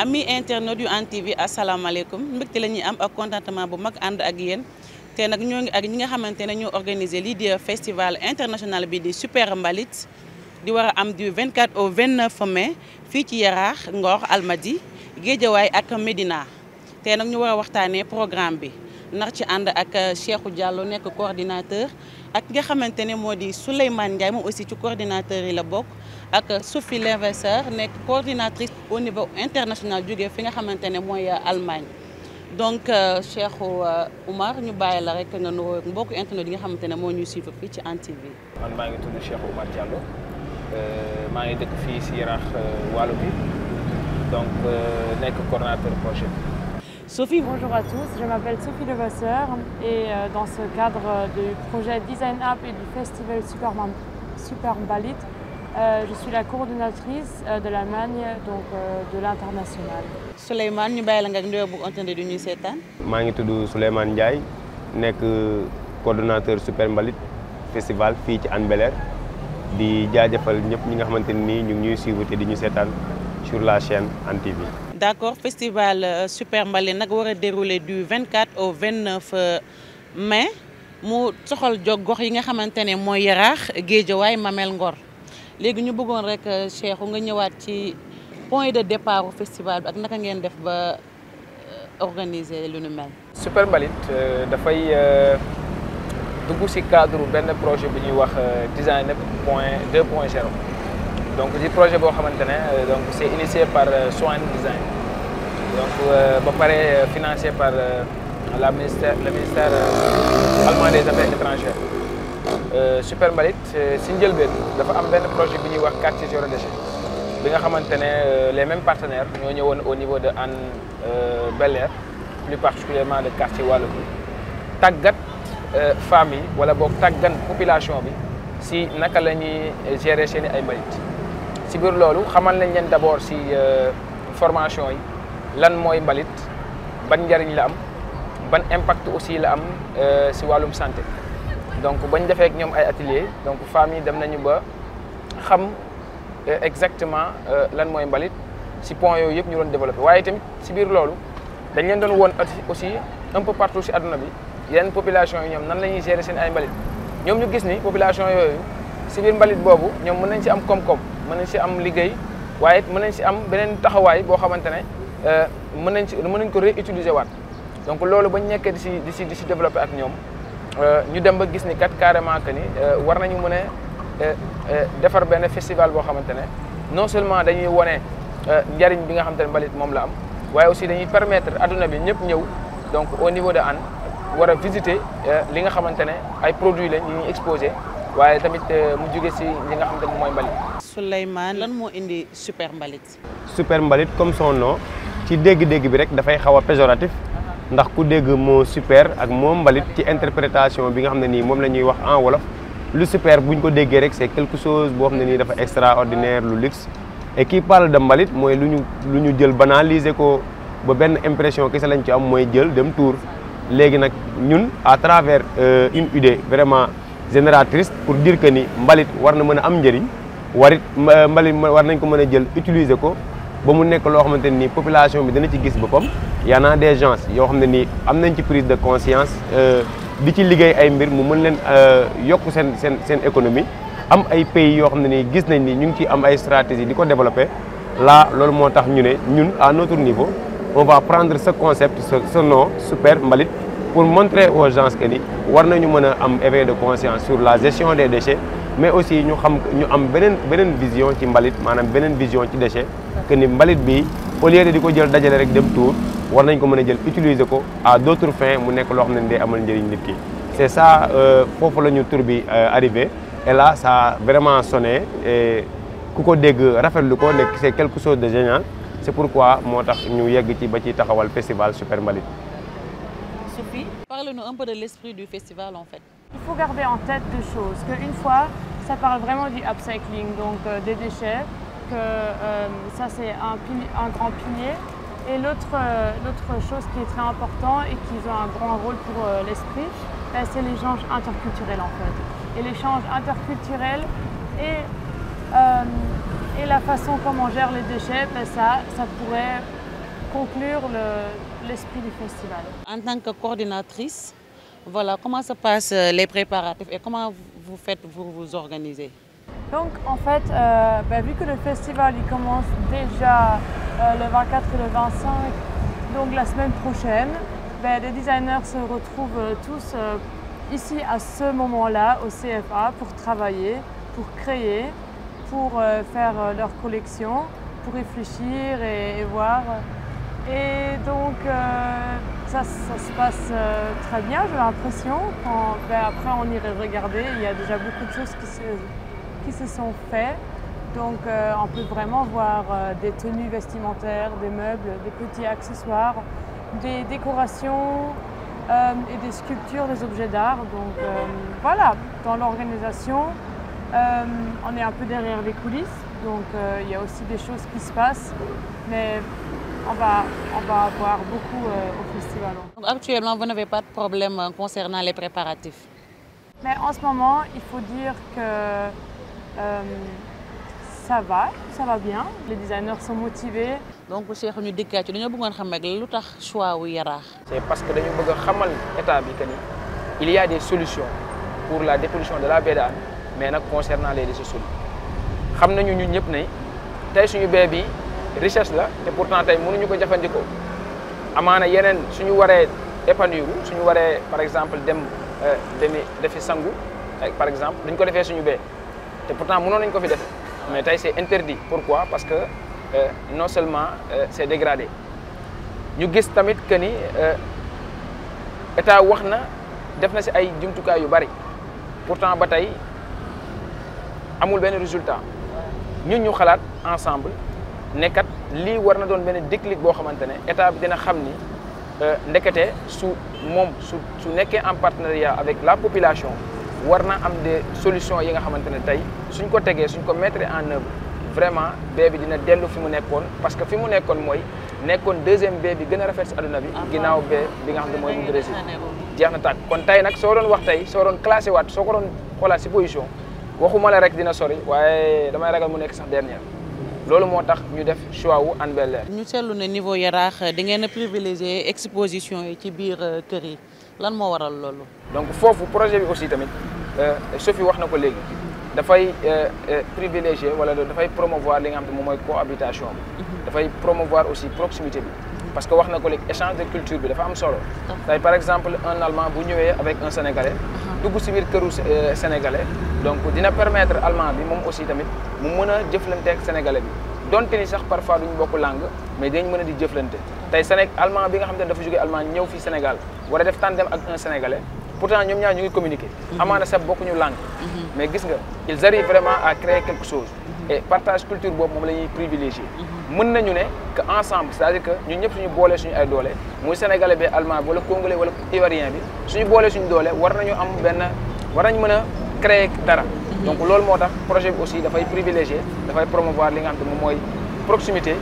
ami internautes du Hann TV alaikum. Nous Nous sommes am ak contentement bu nous Nous ak yéen festival international bi Super Mbalit di war du 24 au 29 mai ici ci Yaraax Ngor Almadi Géejawaay ak Médina Nous nag ñu du programme Nous avons ci Cheikh ak Cheikhou Diallo coordinateur ak nga xamantene ne moo di Souleymane Ndiaye moom aussi ci coordinateur yi la bokk ak Sophie L'Invesseur nekk coordinatrice au niveau international jógee fi nga xamantene ne mooy Allemagne donc euh, Cheikh euh, Oumar ñu bàyyi la rek nga nuyoo mbokku internet yi nga xamantene ne moo ñuy suivre fii ci Antv. TV. man maa ngi tudd Cheikh Oumar Diallo euh, maa ngi dëkk fii si Yaraax bi donc nekk coordinateur projet bi Sophie Bonjour à tous, je m'appelle Sophie Levasseur et euh, dans ce cadre euh, du projet Design Up et du festival Superman, Balit, euh, je suis la coordonnatrice de l'Allemagne, donc de l'international. Souleymane, nous sommes en train de nous faire. Je suis Souleymane Ndiaye, je coordonnateur le Festival Fitch ci Hann Bel-Air di jaajëfal ñëpp ñi nga xamante ni ñu ngi ñuy te di ñu sur la chaîne Antv. D'accord, festival euh, Super Balé nag war a déroulé du 24 au 29 euh, mai mu soxal jog gox yi nga xamante ne mooy Yaraax Géejawaay Mamel Ngor léegi ñu bëggoon rek euh, Cheikh nga ñëwaat ci point de départ au festival bi ak naka ngeen def ba organiser lu nu mel. Super Mbalit dafay dugg ci cadre benn projet bu ñuy wax design point 2 point 0 donc ci projet boo xamante euh, donc c'est initié par euh, Swan Design donc euh, ba est financé par la ministère le ministère allemand des affaires étrangères Super Mbalit c'est un dafa am projet qui est wax quartier zéro déchet bi nga avons les mêmes partenaires au niveau de Anne euh, plus particulièrement de quartier Walou Tagat euh, famille wala boog population si naka avons ñuy gérer seen si biir loolu xamal nañ leen d'abord si euh, formation yi lan mooy mbalit ban njariñ la am ban impact aussi la am si euh, wàllum santé donc bañ defee ak ñoom ay atelier donc femmes yi dem nañu ba xam euh, exactement lan mooy mbalit si point yooyu yëpp ñu doon développé waaye tamit si biir loolu dañ leen doon woon aussi un peu partout si àdduna bi yeneen population yi ñoom nan la ñuy gérer seen ay mbalit ñoom ñu gis ni population yooyu si biir mbalit boobu ñoom mën nañ si am koom mën nañ si am liggéey waaye mën nañ si am beneen taxawaay boo xamante ne euh, mën nañ si mën nañ ko réutiliser waat donc loolu ba ñu nekkee di si di si si développé ak ñoom euh, ñu dem ba gis ni kat carrément que ni euh, war nañu mën a defar benn festival boo xamante ne non seulement dañuy wone njariñ bi nga xamante ne mbalit moom la am waaye aussi dañuy permettre adduna bi ñëpp ñëw donc au niveau de Hann war a visiter li nga xamante ne ay produits lañ yi ñuy exposé waaye tamit mu jóge si li nga xamante ne mooy mbalit Souleymane lan moo indi super mbalit. super comme son no ci dégg-dégg bi rek dafay xaw a péjoratif ndax ku dégg moo super ak moo mbalit ci interprétation bi nga xam ne nii moom la ñuy wax en wolof lu super bu ñu ko déggee rek c'est quelque chose boo xam ne nii dafa extraordinaire lu luxe et qui de mbalit mooy lu ñu lu ñu jël banaliser ko ba benn impression kese lañ ci am mooy jël dem tour léegi nag ñun à travers euh, une idée vraiment génératrice pour dire ni mbalit war na mën a am njëriñ. warit mbalit war nañ ko mëna jël utiliser ko ba mu nekk loo xamante ni population bi dina ci gis boppam y en a des gens yoo xam ne am nañ ci prise de conscience euh, di ci liggéey ay mbir mu mën leen euh, yokk seen seen seen économie am ay pays yoo xam ne gis nañ ni ñu ngi ci am ay stratégie di ko développer là loolu moo tax ñu ne ñun à notre niveau on va prendre ce concept ce nom super mbalit pour montrer aux gens que ni war nañu mën a am éveil de conscience sur la gestion des déchets mais aussi nous xam ñu vision ci mbalit vision que mbalit au lieu utiliser à d'autres fins c'est ça euh, euh, et là ça vraiment sonné et quelque chose de génial c'est pourquoi festival Super Mbalit. nous un peu de l'esprit du festival Il faut garder en tête deux choses ça parle vraiment du upcycling, donc euh, des déchets, que euh, ça c'est un, grand pilier. Et euh, l'autre chose qui est très important et qui joue un grand rôle pour l'esprit, ben, c'est l'échange interculturel en fait. Et l'échange interculturel et, et la façon comment on gère les déchets, ben, ça, ça pourrait conclure l'esprit du festival. En tant que coordinatrice, voilà, comment se passent euh, les préparatifs et comment vous faites pour vous organiser Donc en fait, euh, ben, vu que le festival il commence déjà euh, le 24 et le 25, donc la semaine prochaine, ben, les designers se retrouvent tous ici à ce moment-là au CFA pour travailler, pour créer, pour faire leur collection, pour réfléchir et, voir. Et donc ça, se passe euh, très bien, j'ai l'impression. Ben, après, on irait regarder, il y a déjà beaucoup de choses qui se, sont faites. Donc, euh, on peut vraiment voir euh, des tenues vestimentaires, des meubles, des petits accessoires, des décorations et des sculptures, des objets d'art. Donc, voilà, dans l'organisation, on est un peu derrière les coulisses. Donc, il y a aussi des choses qui se passent. Mais on va, avoir beaucoup euh, au festival. Actuellement, vous n'avez pas de problème euh, concernant les préparatifs Mais en ce moment, il faut dire que euh, ça va, ça va bien. Les designers sont motivés. Donc, c'est dire que nous voulons savoir choix C'est parce que nous voulons savoir l'état il y a des solutions pour la dépollution de la bédane. mais concernant les déchets solides. Nous savons que nous, avons fait des richesse là, te pourtant tay mënuñu ko jëfandikoo amana yenen suñu waré épanouir suñu waré par exemple dem euh, demi défi sangu par exemple duñ ko défé suñu bé te pourtant mënoon nañ ko fi def mais tay c'est interdit pourquoi parce que euh, non seulement euh, c'est dégradé ñu gis tamit que ni état waxna def na ci ay jumtukaay yu bari pourtant ba amul ben résultat ñun ñu xalaat ensemble nekkat li warna don ben déclic bo xamantene état bi dina xam ni euh, ndekete su mom su su nekkee en partenariat avec la population warna am des solutions yi nga xamantene tay suñ ko téggé suñ ko mettre en œuvre vraiment bee bi dina déllu fimu nékkone parce que fimu nékkone moy nékkone deuxième bee bi gën a rafet si adduna bi ginaaw bé bi nga xam moy mooy mu Brésil jeex na tàkk kon tey nag soo doon wax tay so doon classé wat so ko doon xoolaat ci position waxuma la rek dina sori waaye damay ragal mu nekk sax dernière loolu moo tax ñu def choix wu Hann ñu seetlu ne niveau yaraax da ngeen a exposition yi ci biir euh, kër yi lan moo waral loolu. donc foofu projet bi aussi tamit euh, Sophie wax na ko léegi dafay euh, privilégié wala dafay promouvoir li nga xam te cohabitation bi. Mhm. dafay promouvoir aussi proximité mhm. parce que wax na échange de culture bi dafa am solo. tey par exemple un Allemand bu ñëwee avec un Sénégalais. Mhm tout si qui est sénégalais donc dina permettre allemand bi moom aussi tamit mu mën a sénégalais bi donte ni sax parfois duñu bokk langue mais dañ mën a di jëflante tey Séné allemand bi nga xam Allemands, dafa jóge allemand ñëw fii Sénégal war a def tandem avec un sénégalais pourtant ils ont ñu ngi communiquer mhm. amaana sax bokkuñu langue mhm. mais ils arrivent vraiment à créer quelque chose et partage culture bob privilégié. mën nañu que ensemble c'est-à-dire que ñun ñëpp suñu bolé suñu ay doolé muy sénégalais bi allemand congolais wala ivoirien bi suñu bolé suñu doolé war nañu am war donc projet aussi privilégié promouvoir li nga xam proximité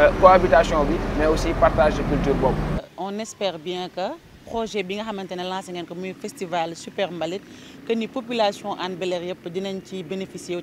euh, cohabitation mais aussi partage de culture euh, on espère bien que projet bi nga festival super mbalit que ni population en de bénéficier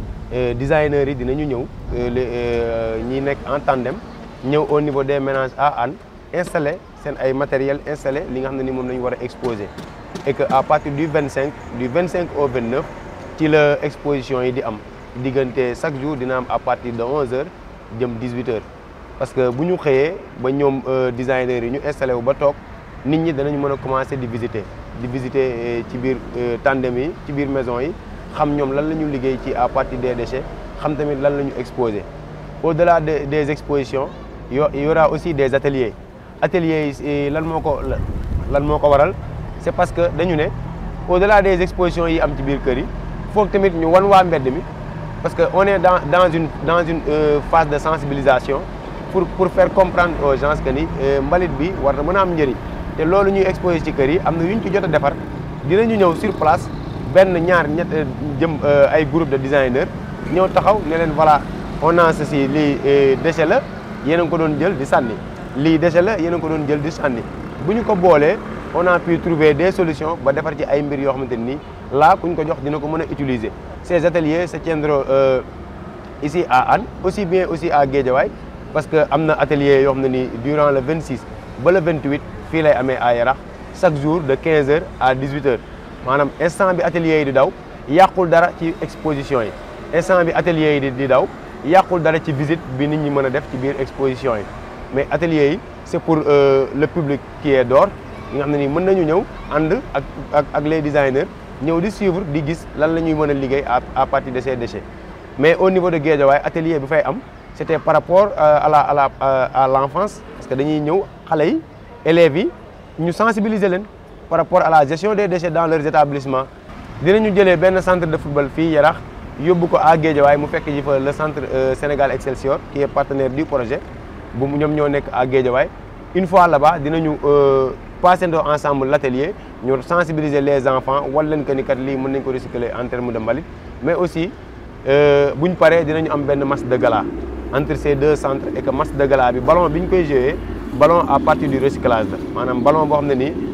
Euh, designers yi dinañu euh, euh, en tandem ñëw au niveau des ménages à Anne installé sen ay matériel installé li nga ni et que à partir du 25 du 25 au 29 l'exposition la exposition yi di am chaque jour à partir de 11h jëm 18h parce que si nous ba designers yi ñu installé wu ba tok nit ñi à visiter di visiter ci maisons. tandem yi maison xam ñoom lan la ñu ci à partir des déchets xam tamit lan la ñu au delà des des expositions il y aura aussi des ateliers ateliers yi lan moo lan moo waral c'est parce que dañu né, au delà des expositions yi am ci biir kër yi foog tamit ñu wan waa mbedd mi parce que on est dans dans une dans une euh, phase de sensibilisation pour pour faire comprendre aux gens que ni euh, mbalit bi war na mën a am njëriñ te loolu ñuy exposer ci kër yi am ñu ci jot a dinañu ñëw sur place. benn ñaar ñett euh, jëm euh, ay groupe de designers ñëw taxaw ne leen voilà on a ceci lii euh, déchet la yéen a ko doon jël di sànni lii déchet la yéen a ko doon jël di sànni bu ñu ko boolee on a pu trouver des solutions ba defar ci ay mbir yoo xamante ni laa ku ñu ko jox dina ko mën a utiliser. ces ateliers se tiendront ici à Anne aussi bien aussi à Guédiawaye parce que am na atelier yoo xam ne ni durant le 26 ba le 28 fii lay amee a Yarax chaque jour de 15 heures à 18 heures. manam instant bi atelier yi di daw yàqul dara ci exposition yi instant bi atelier yi di daw dara ci visite def ci mais atelier c'est pour euh, le public qui est dehors xam les designers ñëw di suivre di gis lan à partir de ces déchets mais au niveau de Guédiawaye atelier c'était par rapport euh, à euh, à l'enfance parce que dañuy yi élèves yi ñu sensibiliser par rapport à la gestion des déchets dans leurs établissements dinañu jëlee benn centre de football ici Yarax yóbbu ko à Guédiawaye mu fekk le centre euh, Sénégal Excelsior qui est partenaire du projet Nous ñoom ñoo à Guédiawaye une fois là-bas nous euh, passer passé ensemble l'atelier ñu sensibiliser les enfants wal leen que ni kat lii mën recycler en terme de mbalit mais aussi euh, buñ paree dinañu am benn de gala entre ces deux centres et que match de gala bi ballon bi ñu koy jouer ballon à partir du recyclage la maanaam ballon boo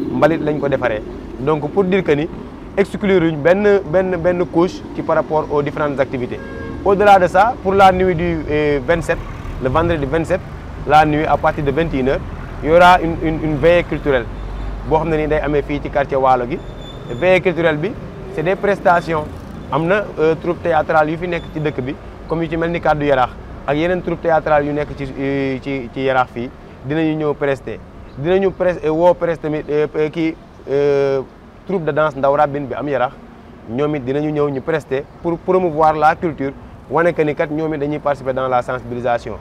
mbalit lañ ko défaré donc pour dire que ni exclure une ben ben ben couche qui par rapport aux différentes activités au-delà de ça pour la nuit du 27 eh, le vendredi 27 la nuit à partir de 21 h il y aura une une une veille culturelle bo xamné ni day amé fi ci quartier walo gi veille culturelle bi c'est des prestations amna euh, troupe théâtrale yu fi nek ci dëkk bi comme yu ci melni ni a une ak yenen troupe théâtrale yu nek ci ci ci yaraax fi dinañu ñëw prester dinañu presse eh, wo presse tamit eh, eh, kii troupe de danse ndaw rabbin bi am yarax ñomit dinañu ñew ñu prester pour promouvoir la culture wane que ni kat ñomit dañuy participer dans la sensibilisation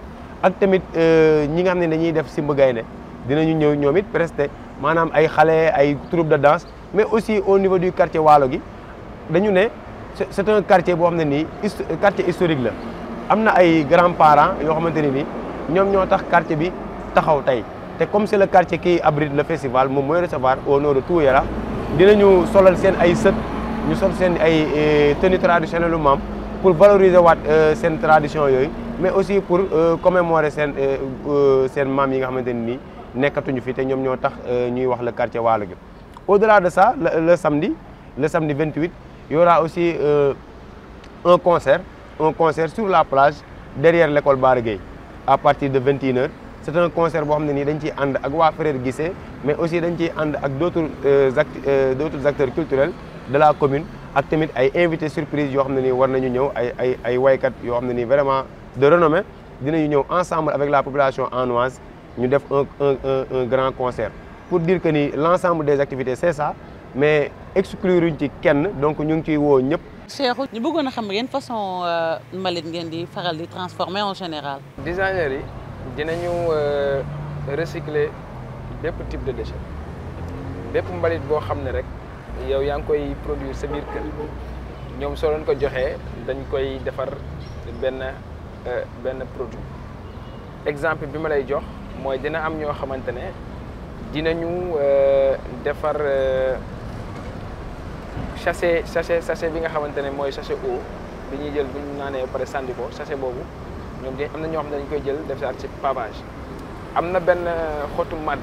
ak tamit ñi nga xam ne dañuy def simb gaynde dinañu ñëw ñoom it prester maanaam ay xalé ay troupe de danse mais aussi au niveau du quartier walo gi dañu ne c'est un quartier bo xam ni, quartier historique la Amna ay grands parents yo xamanteni ni ñom ñoo tax quartier bi taxaw tay et comme c'est le quartier qui abrite le festival nous vais recevoir au nom de tout Yara dinañu solal seen ay sët ñu eh, pour valoriser waat euh, tradition mais aussi pour euh, commémorer cette mère qui est nga et euh, le quartier au-delà de ça le samedi le samedi y aura aussi un concert un concert sur la plage derrière l'école Bargué à partir de 21 h c'est un concert boo xam ne nii dañ frère ànd ak Guissé mais aussi dañ ciy ànd ak d' euh, euh, acteurs culturels de la commune ak tamit ay invités surprise yoo xam ne nii war nañu ñëw ay ay ay waykat vraiment de renommée dinañu ñëw ensemble avec la population hannoise ñu def un un un grand concert pour dire que ni des activités c'est ça mais exclure ci kenn donc ñu ngi ciy woo ñëpp. Cheikhou ñu bëggoon xam yan façon euh, mbalit ngeen di faral di transformer en général. designers dinañu euh, recycler bépp type de déchet bépp mbalit boo xam ne rek yow yaa ngi koy produire sa biir kër ñoom soo leen ko joxee dañ koy defar benn euh, benn produit exemple bi ma lay jox mooy dina am ñoo xamante ne dinañu euh, defar sachet sachet sachet bi nga xamante ne mooy sachet eau bi ñuy jël bu ñu naanee ba pare sànni ko sachet boobu. ñoom de am na ñoo xam ne dañ koy jël def ci pavage am na benn euh, xotu màdd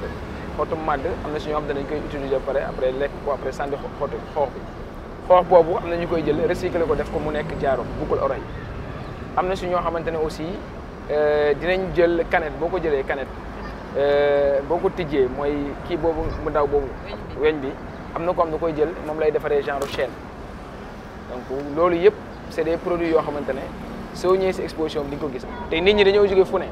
xottu màdd am na si ñoo xam ne dañ koy utiliser pare après lekk ko après sànni xottu xoox bi xoox boobu am na ñu koy jël recycler ko def ko mu nekk jaaro boucle oreille am na si ñoo xamante ne aussi euh, dinañ jël canette boo ko jëlee canette euh, boo ko tijjee mooy kii boobu mu ndaw boobu bi am na ko am na koy jël moom lay defaree genre chaîne donc loolu yëpp c'est des produits yoo xamante ne soo ñëwee si exposition bi di nga ko gis te nit ñi dañoo jógee fu ne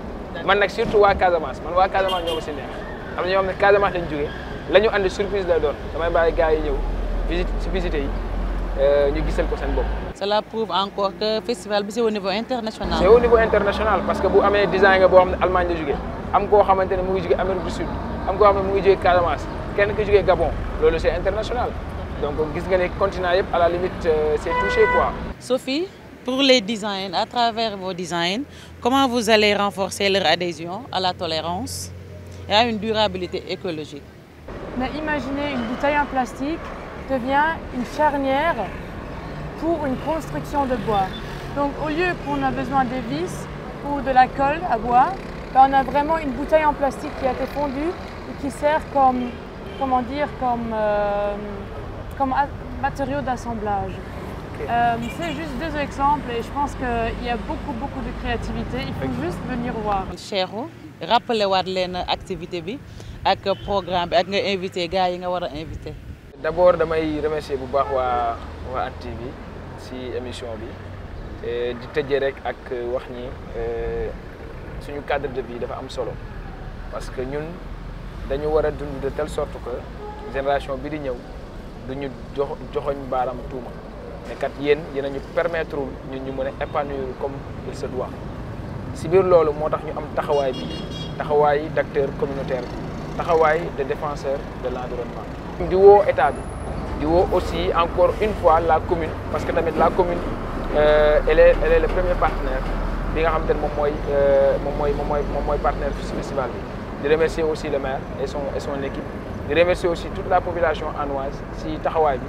man nag surtout waa Casamance man waa Casamance ñoo ma si neex am na ñoo xam ne Casamance lañ jógee la ñu andi surprise lay doon damay bàyyi gars yi ñëw visite si visité yi euh, ñu gisal ko seen bopp. cela prouve encore que festival bi c'est au niveau international. c'est au niveau international parce que bu amee design nga boo xam ne Allemagne la jógee am koo xamante ne mu ngi jógee Amérique du Sud am koo xam ne mu ngi jógee Casamance kenn ki jógee Gabon loolu c'est international donc gis nga ne continent yëpp à la limite euh, c'est touché quoi. Sophie pour les designs, à travers vos designs, comment vous allez renforcer leur adhésion à la tolérance et à une durabilité écologique. Imaginez une bouteille en plastique devient une charnière pour une construction de bois. Donc au lieu qu'on a besoin de vis ou de la colle à bois, ben, on a vraiment une bouteille en plastique qui a été fondue et qui sert comme, comment dire, comme euh, matériau d'assemblage. Euh, c'est juste deux exemples et je pense qu'il y a beaucoup, beaucoup de créativité. Il faut juste venir voir. Chéro, rappelez-vous l'activité activité le programme et ak nga invité gars yi nga war invité. D'abord, damay remercier bu baax waa si émission bi euh, di rek ak wax euh, cadre de vie dafa solo parce que nous dañu war de telle sorte que génération de di ñëw duñu joxoñ mais kat permet de nous ñu permettre ñu ñu épanouir comme il se doit si bir lolu motax ñu am taxaway bi taxawaay d' communautaire bi de défenseur de l'environnement di wo état bi di wo aussi encore une fois la commune parce que tamit la commune euh, elle est elle est le premier partenaire bi nga xam tane mom moy euh, mooy moom mooy moom partenaire festival bi. di remercier aussi le maire et son et son équipe di remercier aussi toute la population anoise si taxaway bi.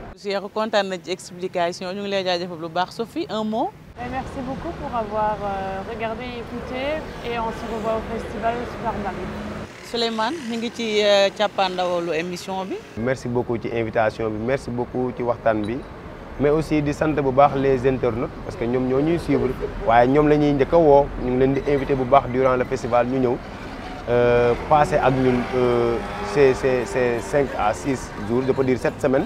Je suis contente ci explication ñu ngi lay jaajëfal Sophie un mot. Eh, merci beaucoup pour avoir euh, regardé et écouté et on se revoit au festival Super Marie. Souleymane nous ci euh, émission merci beaucoup ci l'invitation merci beaucoup ci waxtaan bi mais aussi di santé les internautes parce que nous ñoo ñuy suivre nous nous la ñuy invité durant le festival ñu ñëw. Euh, passé ak ces 5 à 6 jours je peux dire 7 semaines.